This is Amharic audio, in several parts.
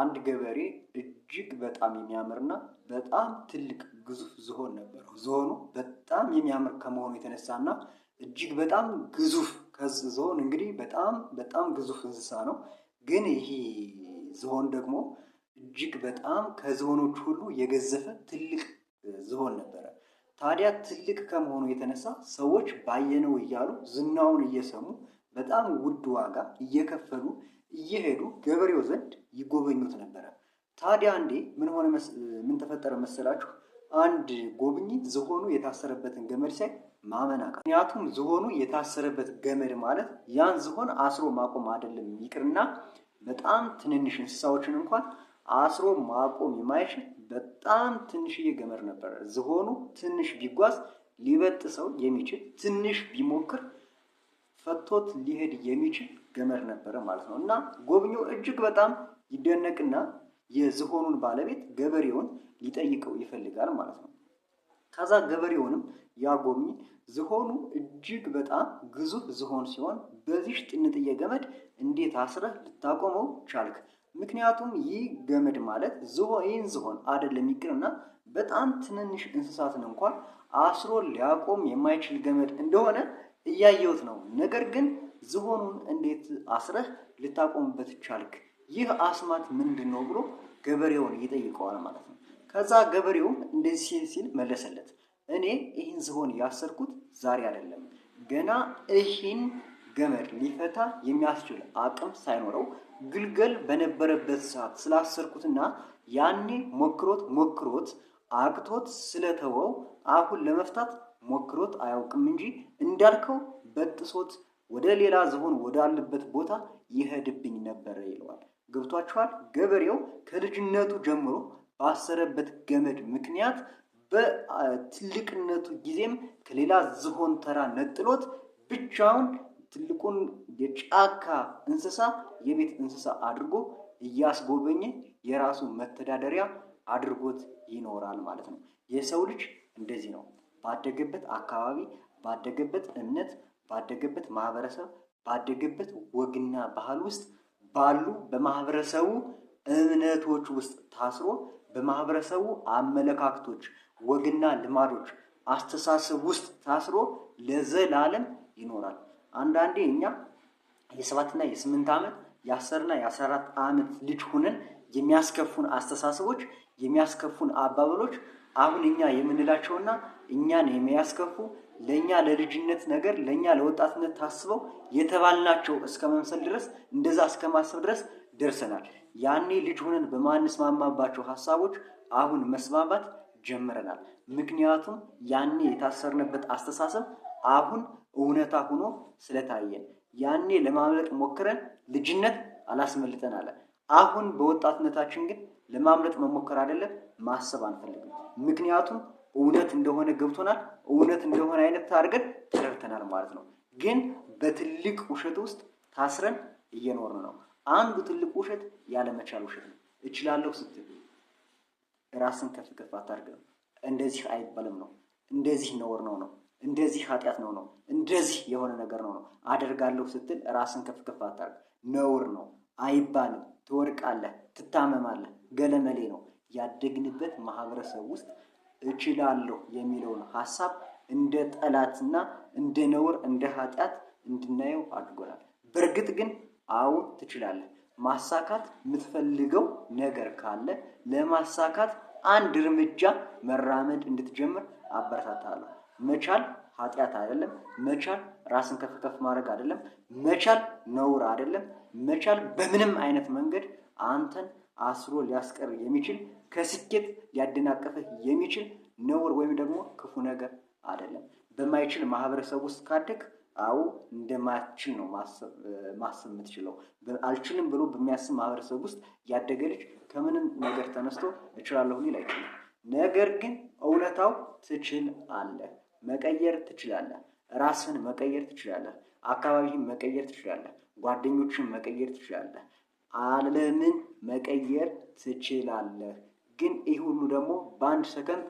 አንድ ገበሬ እጅግ በጣም የሚያምርና በጣም ትልቅ ግዙፍ ዝሆን ነበረው። ዝሆኑ በጣም የሚያምር ከመሆኑ የተነሳና እጅግ በጣም ግዙፍ ዝሆን እንግዲህ በጣም በጣም ግዙፍ እንስሳ ነው። ግን ይሄ ዝሆን ደግሞ እጅግ በጣም ከዝሆኖች ሁሉ የገዘፈ ትልቅ ዝሆን ነበረ። ታዲያ ትልቅ ከመሆኑ የተነሳ ሰዎች ባየነው እያሉ ዝናውን እየሰሙ በጣም ውድ ዋጋ እየከፈሉ እየሄዱ ገበሬው ዘንድ ይጎበኙት ነበረ። ታዲያ አንዴ ምን ሆነ? ምን ተፈጠረ መሰላችሁ? አንድ ጎብኚ ዝሆኑ የታሰረበትን ገመድ ሳይ ማመን አቃ። ምክንያቱም ዝሆኑ የታሰረበት ገመድ ማለት ያን ዝሆን አስሮ ማቆም አይደለም ይቅርና በጣም ትንንሽ እንስሳዎችን እንኳን አስሮ ማቆም የማይችል በጣም ትንሽዬ ገመድ ነበር። ዝሆኑ ትንሽ ቢጓዝ ሊበጥ ሰው የሚችል ትንሽ ቢሞክር ፈቶት ሊሄድ የሚችል ገመድ ነበረ ማለት ነው። እና ጎብኚው እጅግ በጣም ይደነቅና የዝሆኑን ባለቤት ገበሬውን ሊጠይቀው ይፈልጋል ማለት ነው። ከዛ ገበሬውንም ያጎብኝ ዝሆኑ እጅግ በጣም ግዙፍ ዝሆን ሲሆን በዚህ ጥንጥዬ ገመድ እንዴት አስረህ ልታቆመው ቻልክ? ምክንያቱም ይህ ገመድ ማለት ይህን ዝሆን አይደለም ይቅርና በጣም ትንንሽ እንስሳትን እንኳን አስሮ ሊያቆም የማይችል ገመድ እንደሆነ እያየሁት ነው። ነገር ግን ዝሆኑን እንዴት አስረህ ልታቆምበት ቻልክ? ይህ አስማት ምንድን ነው ብሎ ገበሬውን ይጠይቀዋል ማለት ነው። ከዛ ገበሬውም እንደዚህ ሲል መለሰለት፣ እኔ ይህን ዝሆን ያሰርኩት ዛሬ አይደለም፣ ገና ይህን ገመድ ሊፈታ የሚያስችል አቅም ሳይኖረው ግልገል በነበረበት ሰዓት ስላሰርኩትና ያኔ ሞክሮት ሞክሮት አቅቶት ስለተወው አሁን ለመፍታት ሞክሮት አያውቅም እንጂ እንዳልከው በጥሶት ወደ ሌላ ዝሆን ወዳለበት ቦታ ይሄድብኝ ነበረ ይለዋል። ገብቷችኋል? ገበሬው ከልጅነቱ ጀምሮ ባሰረበት ገመድ ምክንያት በትልቅነቱ ጊዜም ከሌላ ዝሆን ተራ ነጥሎት ብቻውን ትልቁን የጫካ እንስሳ የቤት እንስሳ አድርጎ እያስጎበኘ የራሱ መተዳደሪያ አድርጎት ይኖራል ማለት ነው። የሰው ልጅ እንደዚህ ነው። ባደገበት አካባቢ፣ ባደገበት እምነት፣ ባደገበት ማህበረሰብ፣ ባደገበት ወግና ባህል ውስጥ ባሉ በማህበረሰቡ እምነቶች ውስጥ ታስሮ በማህበረሰቡ አመለካከቶች፣ ወግና ልማዶች፣ አስተሳሰብ ውስጥ ታስሮ ለዘላለም ይኖራል። አንዳንዴ እኛ የሰባትና የስምንት ዓመት የአስርና የአስራ አራት ዓመት ልጅ ሁነን የሚያስከፉን አስተሳሰቦች የሚያስከፉን አባባሎች አሁን እኛ የምንላቸውና እኛን የሚያስከፉ ለእኛ ለልጅነት ነገር ለእኛ ለወጣትነት ታስበው የተባልናቸው እስከ መምሰል ድረስ እንደዛ እስከ ማሰብ ድረስ ደርሰናል። ያኔ ልጅ ሆነን በማንስማማባቸው ሀሳቦች አሁን መስማማት ጀምረናል። ምክንያቱም ያኔ የታሰርንበት አስተሳሰብ አሁን እውነታ ሆኖ ስለታየን፣ ያኔ ለማምለጥ ሞክረን ልጅነት አላስመልጠን አለ። አሁን በወጣትነታችን ግን ለማምለጥ መሞከር አይደለም፣ ማሰብ አንፈልግም። ምክንያቱም እውነት እንደሆነ ገብቶናል፣ እውነት እንደሆነ አይነት አድርገን ተረድተናል ማለት ነው። ግን በትልቅ ውሸት ውስጥ ታስረን እየኖርን ነው። አንዱ ትልቅ ውሸት ያለመቻል ውሸት ነው። እችላለሁ ስትል ራስን ከፍ ከፍ አታድርገም። እንደዚህ አይባልም ነው፣ እንደዚህ ነውር ነው ነው፣ እንደዚህ ኃጢአት ነው ነው፣ እንደዚህ የሆነ ነገር ነው ነው። አደርጋለሁ ስትል ራስን ከፍ ከፍ አታድርግ፣ ነውር ነው፣ አይባልም፣ ትወድቃለህ፣ ትታመማለህ። ገለመሌ ነው። ያደግንበት ማህበረሰብ ውስጥ እችላለሁ የሚለውን ሀሳብ እንደ ጠላትና እንደ ነውር እንደ ኃጢአት እንድናየው አድርጎናል። በእርግጥ ግን አሁን ትችላለህ። ማሳካት የምትፈልገው ነገር ካለ ለማሳካት አንድ እርምጃ መራመድ እንድትጀምር አበረታታለሁ። መቻል ኃጢአት አይደለም። መቻል ራስን ከፍ ከፍ ማድረግ አይደለም። መቻል ነውር አይደለም። መቻል በምንም አይነት መንገድ አንተን አስሮ ሊያስቀር የሚችል ከስኬት ሊያደናቀፍህ የሚችል ነውር ወይም ደግሞ ክፉ ነገር አይደለም። በማይችል ማህበረሰብ ውስጥ ካደግ አዎ እንደማይችል ነው ማሰብ የምትችለው። አልችልም ብሎ በሚያስብ ማህበረሰብ ውስጥ ያደገ ልጅ ከምንም ነገር ተነስቶ እችላለሁ ሊል አይችልም። ነገር ግን እውነታው ትችል አለ መቀየር ትችላለህ። ራስን መቀየር ትችላለህ። አካባቢህን መቀየር ትችላለህ። ጓደኞችን መቀየር ትችላለህ። ዓለምን መቀየር ትችላለህ። ግን ይህ ሁሉ ደግሞ በአንድ ሰከንድ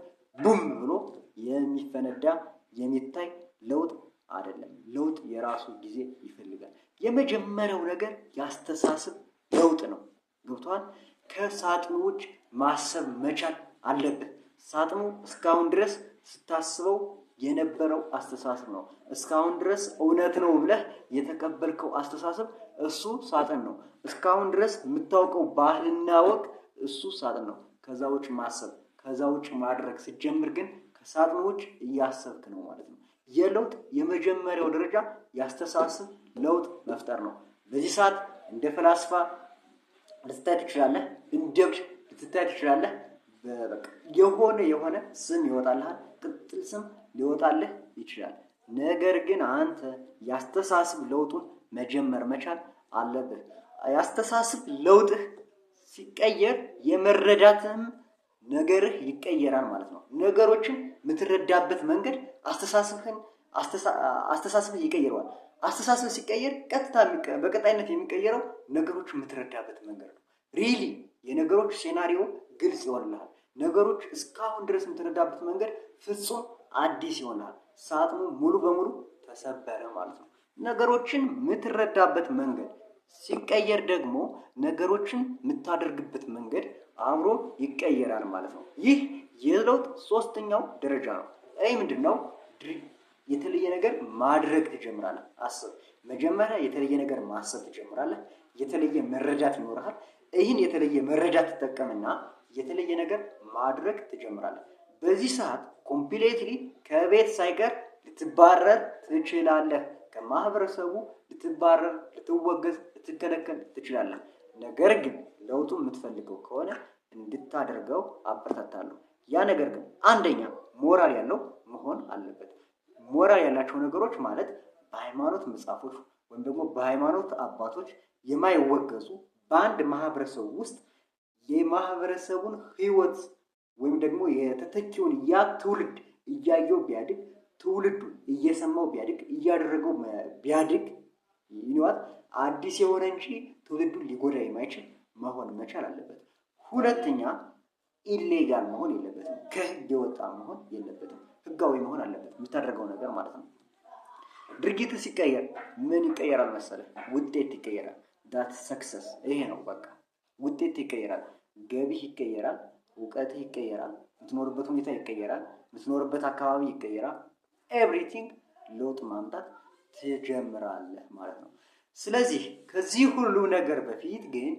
ቡም ብሎ የሚፈነዳ የሚታይ ለውጥ አይደለም። ለውጥ የራሱ ጊዜ ይፈልጋል። የመጀመሪያው ነገር የአስተሳሰብ ለውጥ ነው። ገብቷል ከሳጥኑ ውጭ ማሰብ መቻል አለብህ። ሳጥኑ እስካሁን ድረስ ስታስበው የነበረው አስተሳሰብ ነው። እስካሁን ድረስ እውነት ነው ብለህ የተቀበልከው አስተሳሰብ እሱ ሳጥን ነው። እስካሁን ድረስ የምታውቀው ባህልና ወግ እሱ ሳጥን ነው። ከዛ ውጭ ማሰብ፣ ከዛ ውጭ ማድረግ ሲጀምር ግን ከሳጥን ውጭ እያሰብክ ነው ማለት ነው። የለውጥ የመጀመሪያው ደረጃ ያስተሳስብ ለውጥ መፍጠር ነው። በዚህ ሰዓት እንደ ፈላስፋ ልትታይ ትችላለህ፣ እንደ እብድ ልትታይ ትችላለህ። የሆነ የሆነ ስም ይወጣልሃል፣ ቅጥል ስም ሊወጣልህ ይችላል። ነገር ግን አንተ የአስተሳሰብ ለውጡን መጀመር መቻል አለብህ። የአስተሳሰብ ለውጥህ ሲቀየር የመረዳትም ነገርህ ይቀየራል ማለት ነው። ነገሮችን የምትረዳበት መንገድ አስተሳሰብህን አስተሳሰብህ ይቀይረዋል። አስተሳሰብ ሲቀየር ቀጥታ በቀጣይነት የሚቀየረው ነገሮች የምትረዳበት መንገድ ነው። ሪሊ የነገሮች ሴናሪዮ ግልጽ ይሆንልሃል። ነገሮች እስካሁን ድረስ የምትረዳበት መንገድ ፍጹም አዲስ ይሆናል። ሳጥኑ ሙሉ በሙሉ ተሰበረ ማለት ነው። ነገሮችን የምትረዳበት መንገድ ሲቀየር ደግሞ ነገሮችን የምታደርግበት መንገድ አእምሮ ይቀየራል ማለት ነው። ይህ የለውጥ ሶስተኛው ደረጃ ነው። ይህ ምንድን ነው? የተለየ ነገር ማድረግ ትጀምራለህ። አስብ። መጀመሪያ የተለየ ነገር ማሰብ ትጀምራለህ። የተለየ መረዳት ይኖርሃል። ይህን የተለየ መረጃ ትጠቀምና የተለየ ነገር ማድረግ ትጀምራለህ። በዚህ ሰዓት ኮምፕሌትሊ ከቤት ሳይቀር ልትባረር ትችላለህ። ከማህበረሰቡ ልትባረር፣ ልትወገዝ፣ ልትከለከል ትችላለህ። ነገር ግን ለውጡ የምትፈልገው ከሆነ እንድታደርገው አበረታታለሁ። ያ ነገር ግን አንደኛ ሞራል ያለው መሆን አለበት። ሞራል ያላቸው ነገሮች ማለት በሃይማኖት መጽሐፎች ወይም ደግሞ በሃይማኖት አባቶች የማይወገዙ በአንድ ማህበረሰብ ውስጥ የማህበረሰቡን ህይወት ወይም ደግሞ የተተኪውን ያ ትውልድ እያየው ቢያድግ ትውልዱ እየሰማው ቢያድግ እያደረገው ቢያድግ ይነዋል አዲስ የሆነ እንጂ ትውልዱን ሊጎዳ የማይችል መሆን መቻል አለበት። ሁለተኛ ኢሌጋል መሆን የለበትም። ከህግ የወጣ መሆን የለበትም። ህጋዊ መሆን አለበት የምታደርገው ነገር ማለት ነው። ድርጊት ሲቀየር ምን ይቀየራል መሰለህ? ውጤት ይቀየራል። ዳት ሰክሰስ ይሄ ነው በቃ ውጤት ይቀየራል። ገቢህ ይቀየራል። እውቀትህ ይቀየራል፣ የምትኖርበት ሁኔታ ይቀየራል፣ የምትኖርበት አካባቢ ይቀየራል። ኤቭሪቲንግ ለውጥ ማምጣት ትጀምራለህ ማለት ነው። ስለዚህ ከዚህ ሁሉ ነገር በፊት ግን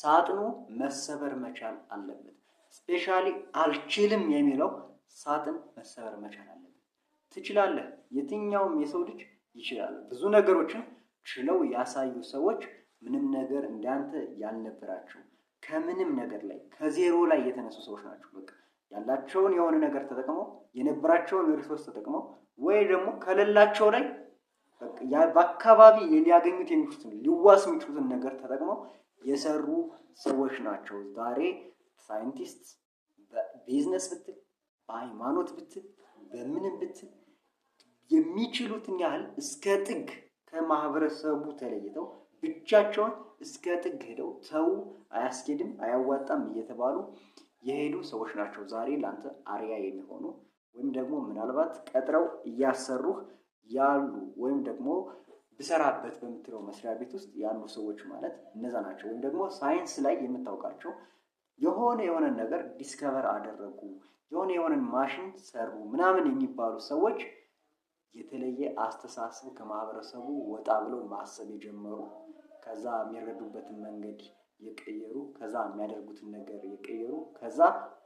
ሳጥኑ መሰበር መቻል አለበት። ስፔሻሊ አልችልም የሚለው ሳጥን መሰበር መቻል አለበት። ትችላለህ። የትኛውም የሰው ልጅ ይችላል። ብዙ ነገሮችን ችለው ያሳዩ ሰዎች ምንም ነገር እንዳንተ ያልነበራቸው ከምንም ነገር ላይ ከዜሮ ላይ የተነሱ ሰዎች ናቸው። በቃ ያላቸውን የሆነ ነገር ተጠቅመው የነበራቸውን ሪሶርስ ተጠቅመው ወይ ደግሞ ከሌላቸው ላይ በአካባቢ ሊያገኙት የሚችሉትን ሊዋስ የሚችሉትን ነገር ተጠቅመው የሰሩ ሰዎች ናቸው። ዛሬ ሳይንቲስት በቢዝነስ ብትል፣ በሃይማኖት ብትል፣ በምንም ብትል የሚችሉትን ያህል እስከ ጥግ ከማህበረሰቡ ተለይተው ብቻቸውን እስከ ጥግ ሄደው ተው አያስኬድም አያዋጣም እየተባሉ የሄዱ ሰዎች ናቸው ዛሬ ለአንተ አርያ የሚሆኑ ወይም ደግሞ ምናልባት ቀጥረው እያሰሩህ ያሉ ወይም ደግሞ ብሰራበት በምትለው መስሪያ ቤት ውስጥ ያሉ ሰዎች ማለት እነዛ ናቸው። ወይም ደግሞ ሳይንስ ላይ የምታውቃቸው የሆነ የሆነ ነገር ዲስከቨር አደረጉ፣ የሆነ የሆነን ማሽን ሰሩ ምናምን የሚባሉ ሰዎች የተለየ አስተሳሰብ ከማህበረሰቡ ወጣ ብለው ማሰብ የጀመሩ ከዛ የሚረዱበትን መንገድ የቀየሩ ከዛ የሚያደርጉትን ነገር የቀየሩ ከዛ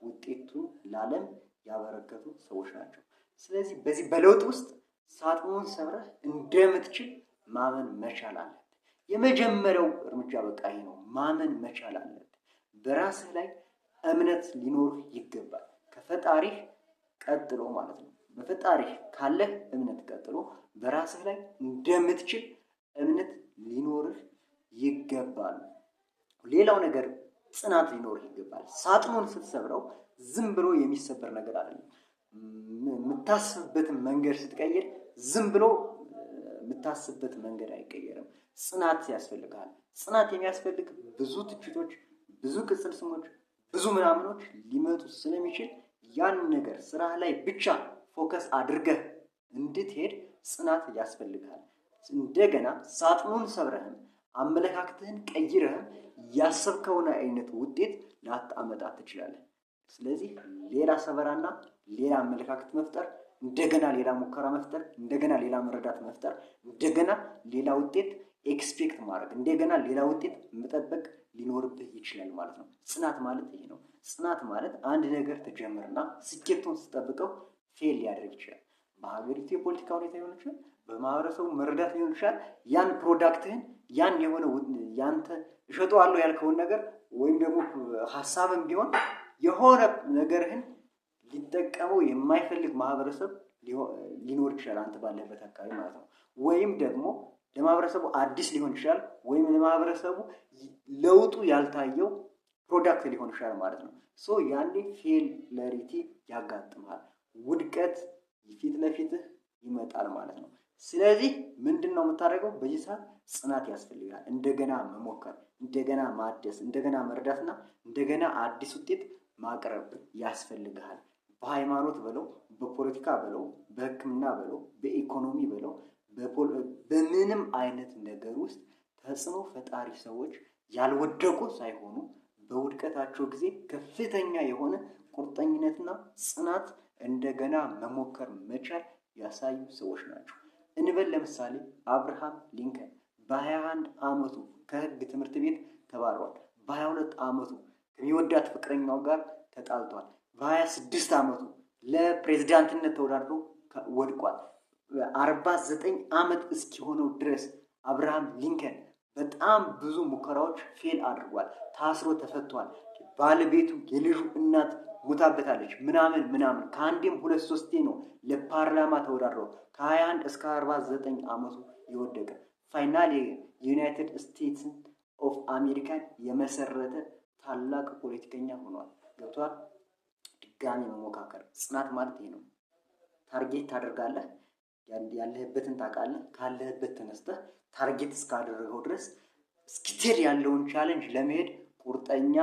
ውጤቱን ለዓለም ያበረከቱ ሰዎች ናቸው። ስለዚህ በዚህ በለውጥ ውስጥ ሳጥኑን ሰብረህ እንደምትችል ማመን መቻል አለብህ። የመጀመሪያው እርምጃ በቃ ነው፣ ማመን መቻል አለብህ። በራስህ ላይ እምነት ሊኖርህ ይገባል። ከፈጣሪህ ቀጥሎ ማለት ነው። በፈጣሪህ ካለህ እምነት ቀጥሎ በራስህ ላይ እንደምትችል እምነት ሊኖርህ ይገባል። ሌላው ነገር ጽናት ሊኖር ይገባል። ሳጥኑን ስትሰብረው ዝም ብሎ የሚሰበር ነገር አይደለም። የምታስብበትን መንገድ ስትቀይር ዝም ብሎ የምታስብበት መንገድ አይቀየርም። ጽናት ያስፈልግሃል። ጽናት የሚያስፈልግ ብዙ ትችቶች፣ ብዙ ቅጽል ስሞች፣ ብዙ ምናምኖች ሊመጡ ስለሚችል ያን ነገር ስራ ላይ ብቻ ፎከስ አድርገህ እንድትሄድ ጽናት ያስፈልግሃል። እንደገና ሳጥኑን ሰብረህም አመለካከትህን ቀይረህም ያሰብከውን አይነት ውጤት ላታመጣ ትችላለህ። ስለዚህ ሌላ ሰበራና ሌላ አመለካከት መፍጠር፣ እንደገና ሌላ ሙከራ መፍጠር፣ እንደገና ሌላ መረዳት መፍጠር፣ እንደገና ሌላ ውጤት ኤክስፔክት ማድረግ፣ እንደገና ሌላ ውጤት መጠበቅ ሊኖርብህ ይችላል ማለት ነው። ጽናት ማለት ይሄ ነው። ጽናት ማለት አንድ ነገር ትጀምርና ስኬቱን ስጠብቀው ፌል ሊያደርግ ይችላል። በሀገሪቱ የፖለቲካ ሁኔታ ሊሆን ይችላል። በማህበረሰቡ መረዳት ሊሆን ይችላል። ያን ፕሮዳክትህን ያን የሆነ ያንተ እሸጠዋለሁ ያልከውን ነገር ወይም ደግሞ ሀሳብም ቢሆን የሆነ ነገርህን ሊጠቀመው የማይፈልግ ማህበረሰብ ሊኖር ይችላል፣ አንተ ባለበት አካባቢ ማለት ነው። ወይም ደግሞ ለማህበረሰቡ አዲስ ሊሆን ይችላል፣ ወይም ለማህበረሰቡ ለውጡ ያልታየው ፕሮዳክት ሊሆን ይችላል ማለት ነው። ሶ ያኔ ፌለሪቲ ያጋጥማል፣ ውድቀት ፊት ለፊትህ ይመጣል ማለት ነው። ስለዚህ ምንድን ነው የምታደርገው? በዚህ ሰዓት ጽናት ያስፈልጋል። እንደገና መሞከር፣ እንደገና ማደስ፣ እንደገና መርዳትና እንደገና አዲስ ውጤት ማቅረብ ያስፈልግሃል። በሃይማኖት በለው፣ በፖለቲካ በለው፣ በሕክምና በለው፣ በኢኮኖሚ በለው፣ በምንም አይነት ነገር ውስጥ ተጽዕኖ ፈጣሪ ሰዎች ያልወደቁ ሳይሆኑ በውድቀታቸው ጊዜ ከፍተኛ የሆነ ቁርጠኝነትና ጽናት እንደገና መሞከር መቻል ያሳዩ ሰዎች ናቸው። እንበል ለምሳሌ አብርሃም ሊንከን በ21 ዓመቱ ከህግ ትምህርት ቤት ተባሯል። በ22 ዓመቱ ከሚወዳት ፍቅረኛው ጋር ተጣልቷል። በ26 ዓመቱ ለፕሬዚዳንትነት ተወዳድሮ ወድቋል። አርባ ዘጠኝ ዓመት እስኪሆነው ድረስ አብርሃም ሊንከን በጣም ብዙ ሙከራዎች ፌል አድርጓል። ታስሮ ተፈቷል። ባለቤቱ የልጁ እናት ሙታበታለች ምናምን ምናምን ከአንዴም ሁለት ሶስቴ ነው ለፓርላማ ተወዳድረው ከ21 እስከ 49 ዓመቱ የወደቀ ፋይናል የዩናይትድ ስቴትስ ኦፍ አሜሪካን የመሰረተ ታላቅ ፖለቲከኛ ሆኗል። ገብቷል። ድጋሚ መሞካከር ጽናት ማለት ይሄ ነው። ታርጌት ታደርጋለህ፣ ያለህበትን ታውቃለህ። ካለህበት ተነስተህ ታርጌት እስካደረገው ድረስ እስኪትሄድ ያለውን ቻለንጅ ለመሄድ ቁርጠኛ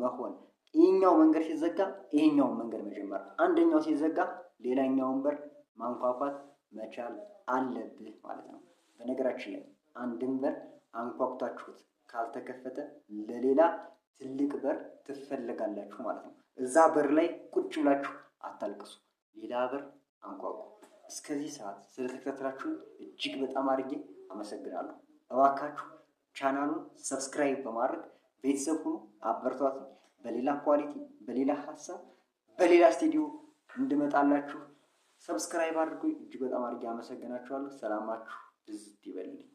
መሆን። ይህኛው መንገድ ሲዘጋ ይህኛውን መንገድ መጀመር፣ አንደኛው ሲዘጋ ሌላኛውን በር ማንኳኳት መቻል አለብህ ማለት ነው። በነገራችን ላይ አንድን በር አንኳኩታችሁት ካልተከፈተ ለሌላ ትልቅ በር ትፈለጋላችሁ ማለት ነው። እዛ በር ላይ ቁጭ ብላችሁ አታልቅሱ፣ ሌላ በር አንኳኩ። እስከዚህ ሰዓት ስለተከታተላችሁ እጅግ በጣም አድርጌ አመሰግናለሁ። እባካችሁ ቻናሉን ሰብስክራይብ በማድረግ ቤተሰብ ሆኖ አበርቷት። በሌላ ኳሊቲ፣ በሌላ ሀሳብ፣ በሌላ ስቱዲዮ እንድመጣላችሁ ሰብስክራይብ አድርጎ እጅግ በጣም አድርጌ አመሰግናችኋለሁ። ሰላማችሁ ብዝት ይበልልኝ።